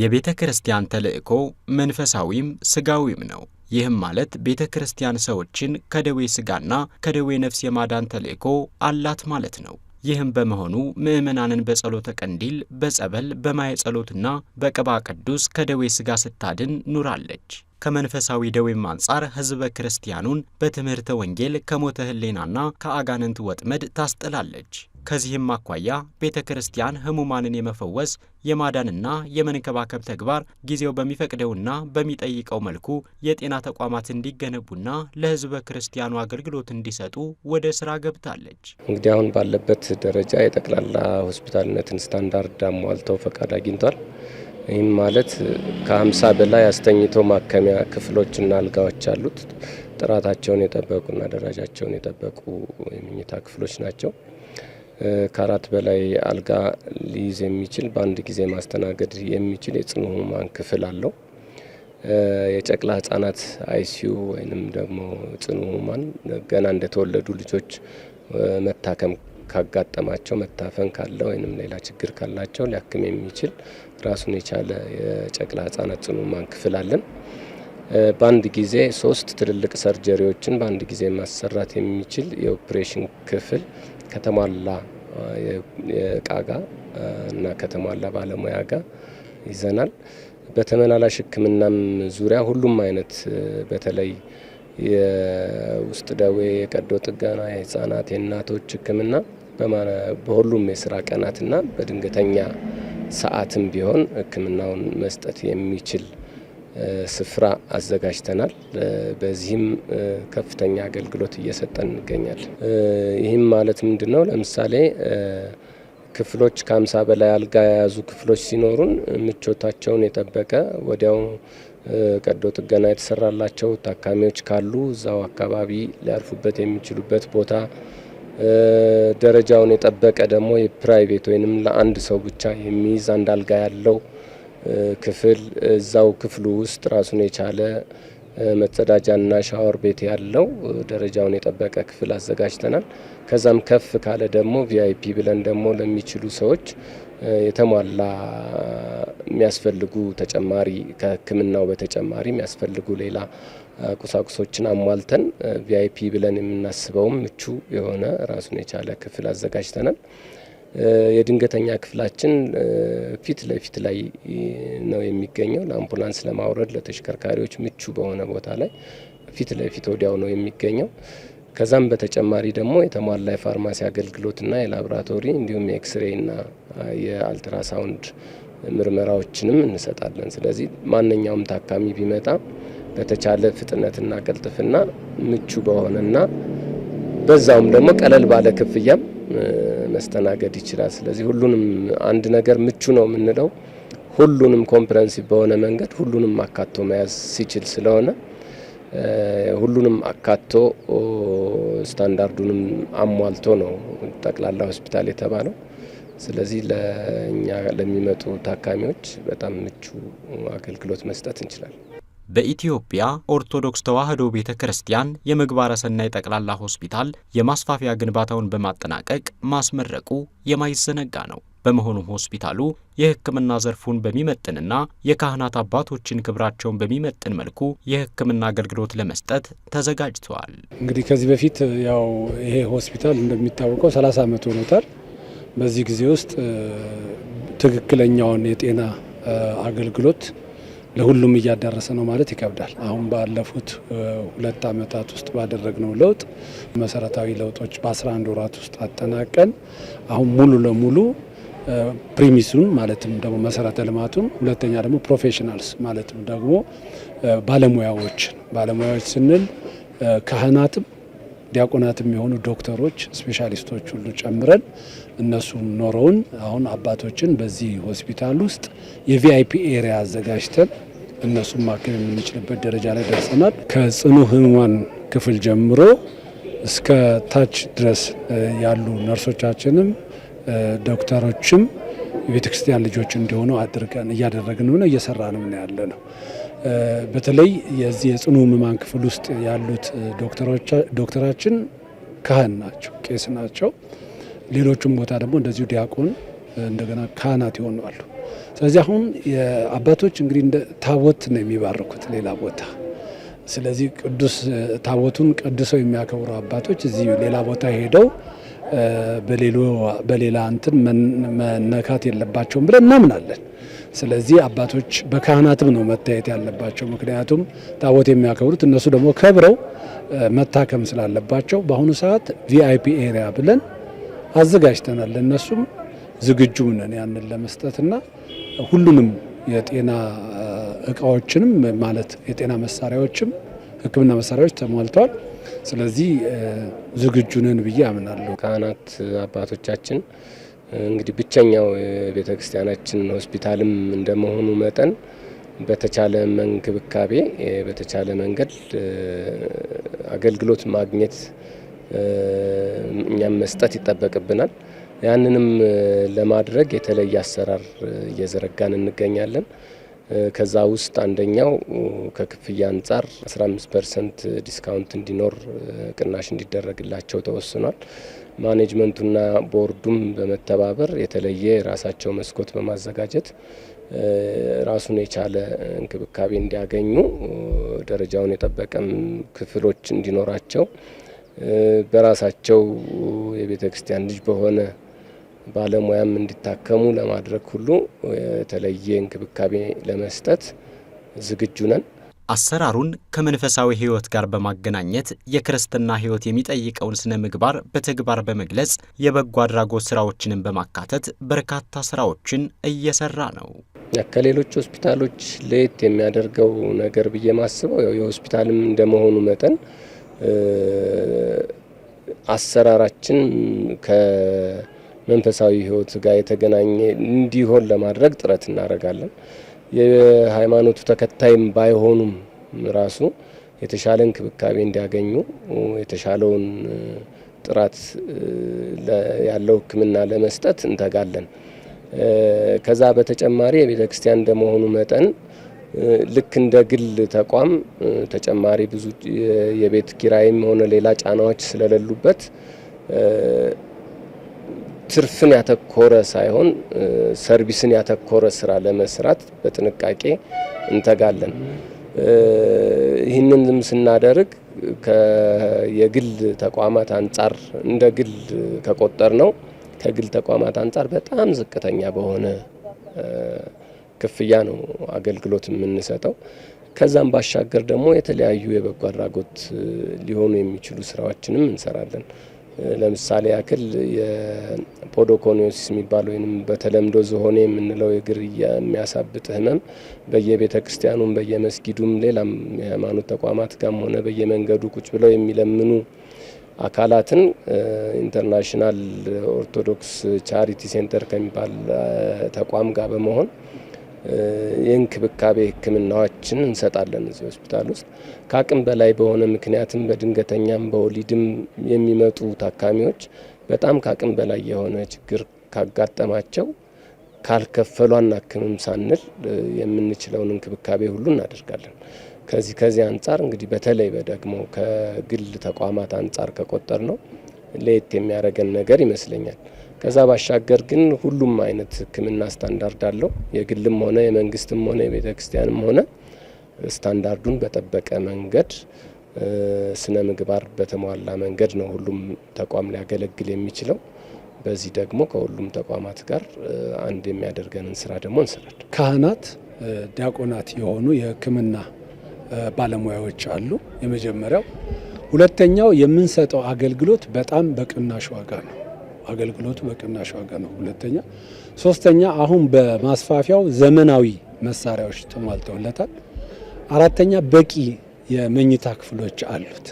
የቤተ ክርስቲያን ተልእኮ መንፈሳዊም ስጋዊም ነው። ይህም ማለት ቤተ ክርስቲያን ሰዎችን ከደዌ ስጋና ከደዌ ነፍስ የማዳን ተልእኮ አላት ማለት ነው። ይህም በመሆኑ ምዕመናንን በጸሎተ ቀንዲል፣ በጸበል፣ በማየ ጸሎትና በቅባ ቅዱስ ከደዌ ስጋ ስታድን ኑራለች። ከመንፈሳዊ ደዌም አንጻር ህዝበ ክርስቲያኑን በትምህርተ ወንጌል ከሞተ ህሌናና ከአጋንንት ወጥመድ ታስጥላለች። ከዚህም አኳያ ቤተ ክርስቲያን ህሙማንን የመፈወስ የማዳንና የመንከባከብ ተግባር ጊዜው በሚፈቅደውና በሚጠይቀው መልኩ የጤና ተቋማት እንዲገነቡና ለህዝበ ክርስቲያኑ አገልግሎት እንዲሰጡ ወደ ስራ ገብታለች። እንግዲህ አሁን ባለበት ደረጃ የጠቅላላ ሆስፒታልነትን ስታንዳርድ አሟልተው ፈቃድ አግኝቷል። ይህም ማለት ከ በላይ አስተኝቶ ማከሚያ ክፍሎችና አልጋዎች አሉት። ጥራታቸውን የጠበቁና ደረጃቸውን የጠበቁ የምኝታ ክፍሎች ናቸው። ከአራት በላይ አልጋ ሊይዝ የሚችል በአንድ ጊዜ ማስተናገድ የሚችል የጽኑ ህሙማን ክፍል አለው። የጨቅላ ህጻናት አይሲዩ ወይንም ደግሞ ጽኑ ህሙማን ገና እንደተወለዱ ልጆች መታከም ካጋጠማቸው መታፈን ካለ ወይንም ሌላ ችግር ካላቸው ሊያክም የሚችል ራሱን የቻለ የጨቅላ ህጻናት ጽኑ ህሙማን ክፍል አለን። በአንድ ጊዜ ሶስት ትልልቅ ሰርጀሪዎችን በአንድ ጊዜ ማሰራት የሚችል የኦፕሬሽን ክፍል ከተሟላ እቃ ጋር እና ከተሟላ ባለሙያ ጋር ይዘናል። በተመላላሽ ሕክምናም ዙሪያ ሁሉም አይነት በተለይ የውስጥ ደዌ፣ የቀዶ ጥገና፣ የህጻናት፣ የእናቶች ሕክምና በሁሉም የስራ ቀናትና በድንገተኛ ሰዓትም ቢሆን ሕክምናውን መስጠት የሚችል ስፍራ አዘጋጅተናል። በዚህም ከፍተኛ አገልግሎት እየሰጠን እንገኛለን። ይህም ማለት ምንድን ነው? ለምሳሌ ክፍሎች ከአምሳ በላይ አልጋ የያዙ ክፍሎች ሲኖሩን ምቾታቸውን የጠበቀ ወዲያው ቀዶ ጥገና የተሰራላቸው ታካሚዎች ካሉ እዛው አካባቢ ሊያርፉበት የሚችሉበት ቦታ ደረጃውን የጠበቀ ደግሞ የፕራይቬት ወይንም ለአንድ ሰው ብቻ የሚይዝ አንድ አልጋ ያለው ክፍል እዛው ክፍሉ ውስጥ ራሱን የቻለ መጸዳጃና ሻወር ቤት ያለው ደረጃውን የጠበቀ ክፍል አዘጋጅተናል። ከዛም ከፍ ካለ ደግሞ ቪአይፒ ብለን ደግሞ ለሚችሉ ሰዎች የተሟላ የሚያስፈልጉ ተጨማሪ ከሕክምናው በተጨማሪ የሚያስፈልጉ ሌላ ቁሳቁሶችን አሟልተን ቪአይፒ ብለን የምናስበውም ምቹ የሆነ ራሱን የቻለ ክፍል አዘጋጅተናል። የድንገተኛ ክፍላችን ፊት ለፊት ላይ ነው የሚገኘው። ለአምቡላንስ ለማውረድ ለተሽከርካሪዎች ምቹ በሆነ ቦታ ላይ ፊት ለፊት ወዲያው ነው የሚገኘው። ከዛም በተጨማሪ ደግሞ የተሟላ የፋርማሲ አገልግሎትና የላቦራቶሪ እንዲሁም የኤክስሬይና የአልትራሳውንድ ምርመራዎችንም እንሰጣለን። ስለዚህ ማንኛውም ታካሚ ቢመጣ በተቻለ ፍጥነትና ቅልጥፍና ምቹ በሆነና በዛውም ደግሞ ቀለል ባለ ክፍያም መስተናገድ ይችላል። ስለዚህ ሁሉንም አንድ ነገር ምቹ ነው የምንለው ሁሉንም ኮምፕረንሲቭ በሆነ መንገድ ሁሉንም አካቶ መያዝ ሲችል ስለሆነ ሁሉንም አካቶ ስታንዳርዱንም አሟልቶ ነው ጠቅላላ ሆስፒታል የተባለው። ስለዚህ ለእኛ ለሚመጡ ታካሚዎች በጣም ምቹ አገልግሎት መስጠት እንችላለን። በኢትዮጵያ ኦርቶዶክስ ተዋሕዶ ቤተ ክርስቲያን የምግባረ ሰናይ ጠቅላላ ሆስፒታል የማስፋፊያ ግንባታውን በማጠናቀቅ ማስመረቁ የማይዘነጋ ነው። በመሆኑም ሆስፒታሉ የሕክምና ዘርፉን በሚመጥንና የካህናት አባቶችን ክብራቸውን በሚመጥን መልኩ የሕክምና አገልግሎት ለመስጠት ተዘጋጅተዋል። እንግዲህ ከዚህ በፊት ያው ይሄ ሆስፒታል እንደሚታወቀው 30 ዓመት ሆኖታል። በዚህ ጊዜ ውስጥ ትክክለኛውን የጤና አገልግሎት ለሁሉም እያዳረሰ ነው ማለት ይከብዳል። አሁን ባለፉት ሁለት ዓመታት ውስጥ ባደረግነው ለውጥ መሰረታዊ ለውጦች በ11 ወራት ውስጥ አጠናቀን አሁን ሙሉ ለሙሉ ፕሪሚሱን ማለትም ደግሞ መሰረተ ልማቱን ሁለተኛ ደግሞ ፕሮፌሽናልስ ማለትም ደግሞ ባለሙያዎችን ባለሙያዎች ስንል ካህናትም ዲያቆናትም የሆኑ ዶክተሮች፣ ስፔሻሊስቶች ሁሉ ጨምረን እነሱን ኖረውን አሁን አባቶችን በዚህ ሆስፒታል ውስጥ የቪአይፒ ኤሪያ አዘጋጅተን እነሱን ማከም የምንችልበት ደረጃ ላይ ደርሰናል። ከጽኑ ህሙማን ክፍል ጀምሮ እስከ ታች ድረስ ያሉ ነርሶቻችንም ዶክተሮችም የቤተ ክርስቲያን ልጆች እንዲሆኑ አድርገን እያደረግን ነው እየሰራንም ነው ያለ ነው። በተለይ የዚህ የጽኑ ህሙማን ክፍል ውስጥ ያሉት ዶክተራችን ካህን ናቸው፣ ቄስ ናቸው። ሌሎቹም ቦታ ደግሞ እንደዚሁ ዲያቆን እንደገና ካህናት ይሆናሉ። ስለዚህ አሁን አባቶች እንግዲህ እንደ ታቦት ነው የሚባርኩት ሌላ ቦታ። ስለዚህ ቅዱስ ታቦቱን ቀድሰው የሚያከብሩ አባቶች እዚህ ሌላ ቦታ ሄደው በሌላ እንትን መነካት የለባቸውም ብለን እናምናለን። ስለዚህ አባቶች በካህናትም ነው መታየት ያለባቸው። ምክንያቱም ታቦት የሚያከብሩት እነሱ ደግሞ ከብረው መታከም ስላለባቸው በአሁኑ ሰዓት ቪአይፒ ኤሪያ ብለን አዘጋጅተናል። እነሱም ዝግጁ ነን ያንን ለመስጠትና ሁሉንም የጤና እቃዎችንም ማለት የጤና መሳሪያዎችም ሕክምና መሳሪያዎች ተሟልተዋል። ስለዚህ ዝግጁ ነን ብዬ አምናለሁ። ካህናት አባቶቻችን እንግዲህ ብቸኛው የቤተ ክርስቲያናችን ሆስፒታልም እንደመሆኑ መጠን በተቻለ እንክብካቤ በተቻለ መንገድ አገልግሎት ማግኘት እኛም መስጠት ይጠበቅብናል። ያንንም ለማድረግ የተለየ አሰራር እየዘረጋን እንገኛለን። ከዛ ውስጥ አንደኛው ከክፍያ አንጻር 15 ፐርሰንት ዲስካውንት እንዲኖር ቅናሽ እንዲደረግላቸው ተወስኗል። ማኔጅመንቱና ቦርዱም በመተባበር የተለየ የራሳቸው መስኮት በማዘጋጀት ራሱን የቻለ እንክብካቤ እንዲያገኙ ደረጃውን የጠበቀም ክፍሎች እንዲኖራቸው በራሳቸው የቤተ ክርስቲያን ልጅ በሆነ ባለሙያም እንዲታከሙ ለማድረግ ሁሉ የተለየ እንክብካቤ ለመስጠት ዝግጁ ነን። አሰራሩን ከመንፈሳዊ ሕይወት ጋር በማገናኘት የክርስትና ሕይወት የሚጠይቀውን ስነ ምግባር በተግባር በመግለጽ የበጎ አድራጎት ስራዎችንም በማካተት በርካታ ስራዎችን እየሰራ ነው። ከሌሎች ሆስፒታሎች ለየት የሚያደርገው ነገር ብዬ ማስበው ያው የሆስፒታልም እንደመሆኑ መጠን አሰራራችን መንፈሳዊ ህይወት ጋር የተገናኘ እንዲሆን ለማድረግ ጥረት እናደርጋለን። የሃይማኖቱ ተከታይም ባይሆኑም ራሱ የተሻለ እንክብካቤ እንዲያገኙ የተሻለውን ጥራት ያለው ሕክምና ለመስጠት እንተጋለን። ከዛ በተጨማሪ የቤተ ክርስቲያን እንደመሆኑ መጠን ልክ እንደ ግል ተቋም ተጨማሪ ብዙ የቤት ኪራይም ሆነ ሌላ ጫናዎች ስለሌሉበት ትርፍን ያተኮረ ሳይሆን ሰርቪስን ያተኮረ ስራ ለመስራት በጥንቃቄ እንተጋለን። ይህንንም ስናደርግ የግል ተቋማት አንጻር እንደ ግል ከቆጠር ነው ከግል ተቋማት አንጻር በጣም ዝቅተኛ በሆነ ክፍያ ነው አገልግሎት የምንሰጠው። ከዛም ባሻገር ደግሞ የተለያዩ የበጎ አድራጎት ሊሆኑ የሚችሉ ስራዎችንም እንሰራለን። ለምሳሌ ያክል የፖዶኮኒዮሲስ የሚባል ወይም በተለምዶ ዝሆኔ የምንለው እግር የሚያሳብጥ ህመም በየቤተ ክርስቲያኑም በየመስጊዱም ሌላም የሃይማኖት ተቋማት ጋም ሆነ በየመንገዱ ቁጭ ብለው የሚለምኑ አካላትን ኢንተርናሽናል ኦርቶዶክስ ቻሪቲ ሴንተር ከሚባል ተቋም ጋር በመሆን የእንክብካቤ ህክምናዎችን እንሰጣለን እዚህ ሆስፒታል ውስጥ ከአቅም በላይ በሆነ ምክንያትም በድንገተኛም በወሊድም የሚመጡ ታካሚዎች በጣም ከአቅም በላይ የሆነ ችግር ካጋጠማቸው ካልከፈሉ አናክምም ሳንል የምንችለውን እንክብካቤ ሁሉ እናደርጋለን። ከዚህ ከዚህ አንጻር እንግዲህ በተለይ ደግሞ ከግል ተቋማት አንጻር ከቆጠር ነው ለየት የሚያደርገን ነገር ይመስለኛል። ከዛ ባሻገር ግን ሁሉም አይነት ህክምና ስታንዳርድ አለው። የግልም ሆነ የመንግስትም ሆነ የቤተ ክርስቲያንም ሆነ ስታንዳርዱን በጠበቀ መንገድ ስነ ምግባር በተሟላ መንገድ ነው ሁሉም ተቋም ሊያገለግል የሚችለው። በዚህ ደግሞ ከሁሉም ተቋማት ጋር አንድ የሚያደርገንን ስራ ደግሞ እንስራለን። ካህናት፣ ዲያቆናት የሆኑ የህክምና ባለሙያዎች አሉ። የመጀመሪያው። ሁለተኛው የምንሰጠው አገልግሎት በጣም በቅናሽ ዋጋ ነው። አገልግሎቱ በቅናሽ ዋጋ ነው። ሁለተኛ ሶስተኛ፣ አሁን በማስፋፊያው ዘመናዊ መሳሪያዎች ተሟልተውለታል። አራተኛ፣ በቂ የመኝታ ክፍሎች አሉት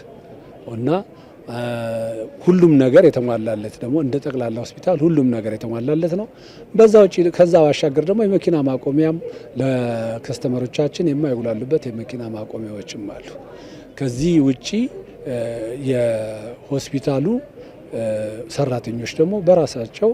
እና ሁሉም ነገር የተሟላለት ደግሞ እንደ ጠቅላላ ሆስፒታል ሁሉም ነገር የተሟላለት ነው። በዛ ውጭ ከዛ ባሻገር ደግሞ የመኪና ማቆሚያም ለከስተመሮቻችን የማይጉላሉበት የመኪና ማቆሚያዎችም አሉ። ከዚህ ውጪ የሆስፒታሉ ሰራተኞች ደግሞ በራሳቸው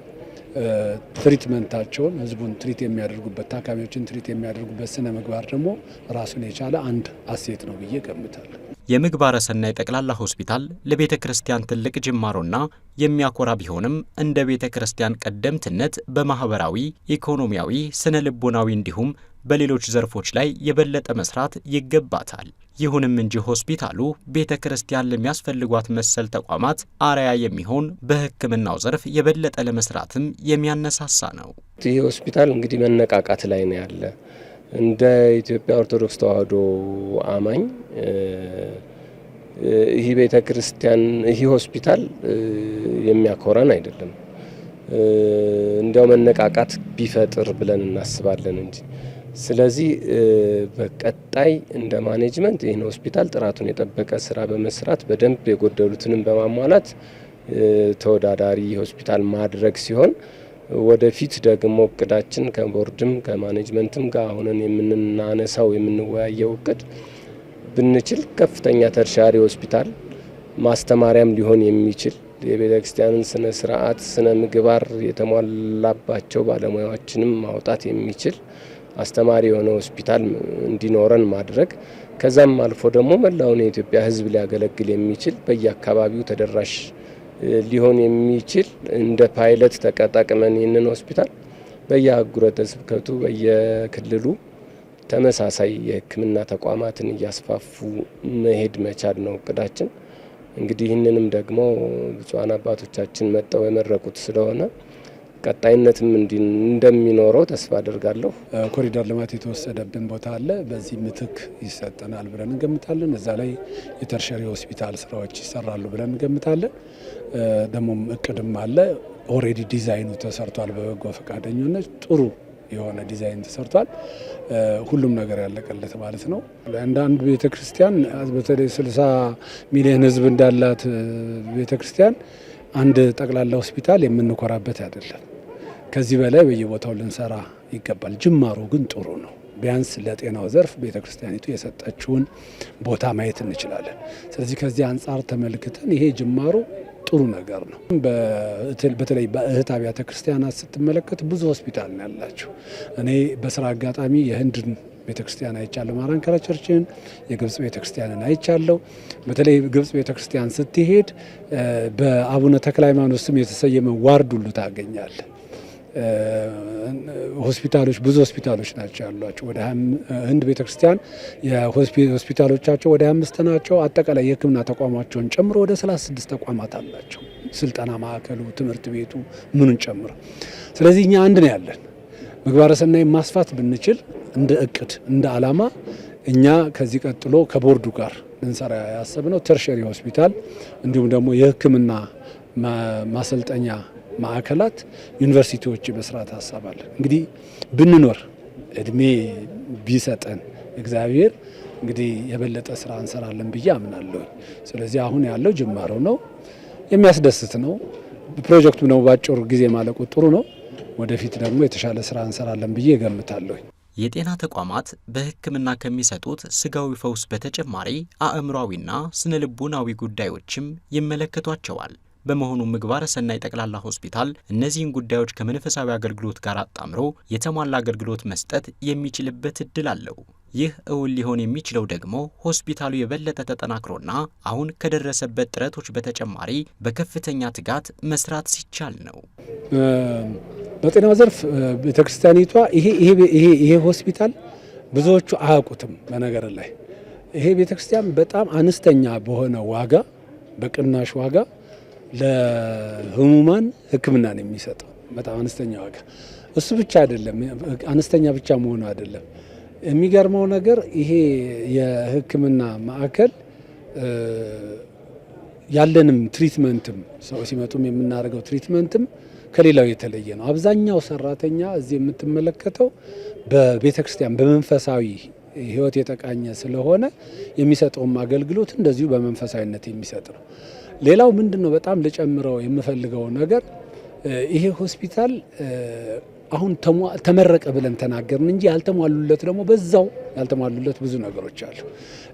ትሪትመንታቸውን ህዝቡን ትሪት የሚያደርጉበት ታካሚዎችን ትሪት የሚያደርጉበት ስነ ምግባር ደግሞ ራሱን የቻለ አንድ አሴት ነው ብዬ ገምታል። የምግባረ ሰናይ ጠቅላላ ሆስፒታል ለቤተ ክርስቲያን ትልቅ ጅማሮና የሚያኮራ ቢሆንም እንደ ቤተ ክርስቲያን ቀደምትነት በማህበራዊ፣ ኢኮኖሚያዊ፣ ስነ ልቦናዊ እንዲሁም በሌሎች ዘርፎች ላይ የበለጠ መስራት ይገባታል። ይሁንም እንጂ ሆስፒታሉ ቤተ ክርስቲያን ለሚያስፈልጓት መሰል ተቋማት አርያ የሚሆን በሕክምናው ዘርፍ የበለጠ ለመስራትም የሚያነሳሳ ነው። ይህ ሆስፒታል እንግዲህ መነቃቃት ላይ ነው ያለ። እንደ ኢትዮጵያ ኦርቶዶክስ ተዋሕዶ አማኝ ይህ ቤተ ክርስቲያን ይህ ሆስፒታል የሚያኮራን አይደለም። እንዲያው መነቃቃት ቢፈጥር ብለን እናስባለን እንጂ ስለዚህ በቀጣይ እንደ ማኔጅመንት ይህን ሆስፒታል ጥራቱን የጠበቀ ስራ በመስራት በደንብ የጎደሉትንም በማሟላት ተወዳዳሪ ሆስፒታል ማድረግ ሲሆን ወደፊት ደግሞ እቅዳችን ከቦርድም ከማኔጅመንትም ጋር ሆነን የምናነሳው የምንወያየው እቅድ ብንችል ከፍተኛ ተርሻሪ ሆስፒታል ማስተማሪያም ሊሆን የሚችል የቤተ ክርስቲያንን ስነ ስርዓት፣ ስነ ምግባር የተሟላባቸው ባለሙያዎችንም ማውጣት የሚችል አስተማሪ የሆነ ሆስፒታል እንዲኖረን ማድረግ ከዛም አልፎ ደግሞ መላውን የኢትዮጵያ ሕዝብ ሊያገለግል የሚችል በየአካባቢው ተደራሽ ሊሆን የሚችል እንደ ፓይለት ተጠቅመን ይህንን ሆስፒታል በየአህጉረተ ስብከቱ በየክልሉ ተመሳሳይ የሕክምና ተቋማትን እያስፋፉ መሄድ መቻል ነው እቅዳችን። እንግዲህ ይህንንም ደግሞ ብፁዓን አባቶቻችን መጠው የመረቁት ስለሆነ ቀጣይነትም እንደሚኖረው ተስፋ አደርጋለሁ። ኮሪደር ልማት የተወሰደብን ቦታ አለ። በዚህ ምትክ ይሰጠናል ብለን እንገምታለን። እዛ ላይ የተርሸሪ ሆስፒታል ስራዎች ይሰራሉ ብለን እንገምታለን። ደግሞም እቅድም አለ። ኦሬዲ ዲዛይኑ ተሰርቷል። በበጎ ፈቃደኝነት ጥሩ የሆነ ዲዛይን ተሰርቷል። ሁሉም ነገር ያለቀለት ማለት ነው። እንደ አንድ ቤተ ክርስቲያን በተለይ 60 ሚሊዮን ሕዝብ እንዳላት ቤተ ክርስቲያን አንድ ጠቅላላ ሆስፒታል የምንኮራበት አይደለም። ከዚህ በላይ በየቦታው ልንሰራ ይገባል። ጅማሮ ግን ጥሩ ነው። ቢያንስ ለጤናው ዘርፍ ቤተ ክርስቲያኒቱ የሰጠችውን ቦታ ማየት እንችላለን። ስለዚህ ከዚህ አንጻር ተመልክተን ይሄ ጅማሮ ጥሩ ነገር ነው። በተለይ በእህት አብያተ ክርስቲያናት ስትመለከት ብዙ ሆስፒታል ነው ያላቸው። እኔ በስራ አጋጣሚ የህንድን ክርስቲያን አይቻለሁ፣ ማራንከራ ቸርችን፣ የግብጽ ቤተክርስቲያንን አይቻለሁ። በተለይ ግብጽ ቤተክርስቲያን ስትሄድ በአቡነ ተክለ ሃይማኖት ስም የተሰየመ ዋርድ ሁሉ ታገኛለህ። ሆስፒታሎች ብዙ ሆስፒታሎች ናቸው ያሏቸው። ወደ ህንድ ቤተክርስቲያን ሆስፒታሎቻቸው ወደ አምስት ናቸው። አጠቃላይ የህክምና ተቋማቸውን ጨምሮ ወደ 36 ተቋማት አላቸው። ስልጠና ማዕከሉ፣ ትምህርት ቤቱ ምኑን ጨምሮ። ስለዚህ እኛ አንድ ነው ያለን። ምግባረ ማስፋት ብንችል እንደ እቅድ እንደ አላማ እኛ ከዚህ ቀጥሎ ከቦርዱ ጋር ልንሰራ ያሰብነው ተርሸሪ ሆስፒታል እንዲሁም ደግሞ የህክምና ማሰልጠኛ ማዕከላት ዩኒቨርሲቲዎች መስራት ሀሳብ እንግዲህ ብንኖር እድሜ ቢሰጠን እግዚአብሔር እንግዲህ የበለጠ ስራ እንሰራለን ብዬ አምናለሁ። ስለዚህ አሁን ያለው ጅማሮ ነው፣ የሚያስደስት ነው። ፕሮጀክቱ ነው ባጭር ጊዜ ማለቁ ጥሩ ነው። ወደፊት ደግሞ የተሻለ ስራ እንሰራለን ብዬ ገምታለሁ። የጤና ተቋማት በሕክምና ከሚሰጡት ስጋዊ ፈውስ በተጨማሪ አእምሯዊና ስነ ልቦናዊ ጉዳዮችም ይመለከቷቸዋል። በመሆኑ ምግባረ ሰናይ ጠቅላላ ሆስፒታል እነዚህን ጉዳዮች ከመንፈሳዊ አገልግሎት ጋር አጣምሮ የተሟላ አገልግሎት መስጠት የሚችልበት እድል አለው። ይህ እውን ሊሆን የሚችለው ደግሞ ሆስፒታሉ የበለጠ ተጠናክሮና አሁን ከደረሰበት ጥረቶች በተጨማሪ በከፍተኛ ትጋት መስራት ሲቻል ነው። በጤና ዘርፍ ቤተክርስቲያኒቷ ይሄ ሆስፒታል ብዙዎቹ አያውቁትም። በነገር ላይ ይሄ ቤተክርስቲያን በጣም አነስተኛ በሆነ ዋጋ በቅናሽ ዋጋ ለህሙማን ህክምና ነው የሚሰጠው በጣም አነስተኛ ዋጋ። እሱ ብቻ አይደለም፣ አነስተኛ ብቻ መሆኑ አይደለም። የሚገርመው ነገር ይሄ የህክምና ማዕከል ያለንም ትሪትመንትም ሰው ሲመጡም የምናደርገው ትሪትመንትም ከሌላው የተለየ ነው። አብዛኛው ሰራተኛ እዚህ የምትመለከተው በቤተ ክርስቲያን በመንፈሳዊ ህይወት የተቃኘ ስለሆነ የሚሰጠውም አገልግሎት እንደዚሁ በመንፈሳዊነት የሚሰጥ ነው። ሌላው ምንድን ነው በጣም ልጨምረው የምፈልገው ነገር ይሄ ሆስፒታል አሁን ተመረቀ ብለን ተናገርን እንጂ ያልተሟሉለት ደግሞ በዛው ያልተሟሉለት ብዙ ነገሮች አሉ።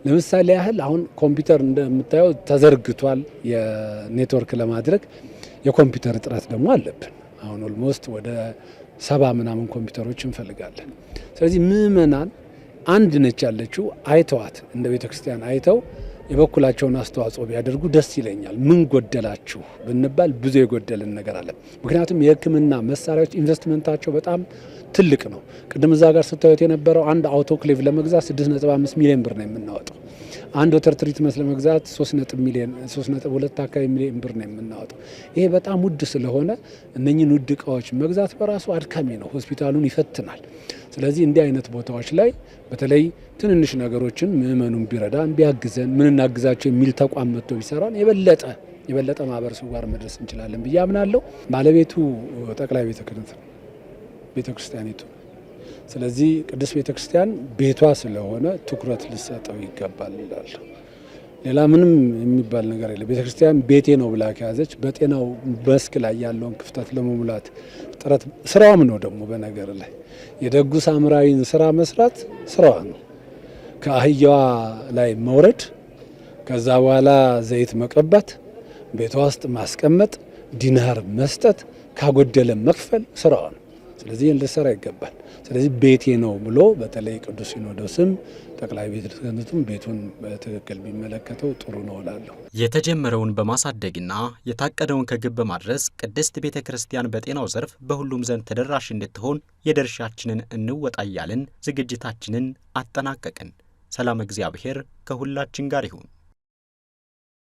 ለምሳሌ ያህል አሁን ኮምፒውተር እንደምታየው ተዘርግቷል፣ የኔትወርክ ለማድረግ የኮምፒውተር እጥረት ደግሞ አለብን። አሁን ኦልሞስት ወደ ሰባ ምናምን ኮምፒውተሮች እንፈልጋለን። ስለዚህ ምእመናን አንድ ነች ያለችው አይተዋት እንደ ቤተክርስቲያን አይተው የበኩላቸውን አስተዋጽኦ ቢያደርጉ ደስ ይለኛል። ምን ጎደላችሁ ብንባል ብዙ የጎደልን ነገር አለ። ምክንያቱም የሕክምና መሳሪያዎች ኢንቨስትመንታቸው በጣም ትልቅ ነው። ቅድም እዛ ጋር ስታዩት የነበረው አንድ አውቶክሌቭ ለመግዛት 6.5 ሚሊዮን ብር ነው የምናወጣው። አንድ ወተር ትሪትመንት ለመግዛት 3.2 አካባቢ ሚሊዮን ብር ነው የምናወጣው። ይሄ በጣም ውድ ስለሆነ እነኝን ውድ እቃዎች መግዛት በራሱ አድካሚ ነው፣ ሆስፒታሉን ይፈትናል። ስለዚህ እንዲህ አይነት ቦታዎች ላይ በተለይ ትንንሽ ነገሮችን ምእመኑን ቢረዳን ቢያግዘን ምን እናግዛቸው የሚል ተቋም መጥቶ ቢሰራን የበለጠ የበለጠ ማህበረሰቡ ጋር መድረስ እንችላለን ብዬ አምናለሁ። ባለቤቱ ጠቅላይ ቤተ ክህነት ነው ቤተ ክርስቲያኒቱ። ስለዚህ ቅድስት ቤተ ክርስቲያን ቤቷ ስለሆነ ትኩረት ልሰጠው ይገባል ይላል። ሌላ ምንም የሚባል ነገር የለም። ቤተ ክርስቲያን ቤቴ ነው ብላ ከያዘች በጤናው መስክ ላይ ያለውን ክፍተት ለመሙላት ጥረት ስራውም ነው ደግሞ በነገር ላይ የደጉ ሳምራዊን ስራ መስራት ስራዋ ነው። ከአህያዋ ላይ መውረድ፣ ከዛ በኋላ ዘይት መቀባት፣ ቤቷ ውስጥ ማስቀመጥ፣ ዲናር መስጠት፣ ካጎደለ መክፈል ስራዋ ነው። ስለዚህ እንድሰራ ይገባል። ስለዚህ ቤቴ ነው ብሎ በተለይ ቅዱስ ሲኖዶስም ጠቅላይ ቤተ ክህነቱም ቤቱን በትክክል ቢመለከተው ጥሩ ነው እላለሁ። የተጀመረውን በማሳደግና የታቀደውን ከግብ በማድረስ ቅድስት ቤተ ክርስቲያን በጤናው ዘርፍ በሁሉም ዘንድ ተደራሽ እንድትሆን የድርሻችንን እንወጣ እያልን ዝግጅታችንን አጠናቀቅን። ሰላም እግዚአብሔር ከሁላችን ጋር ይሁን።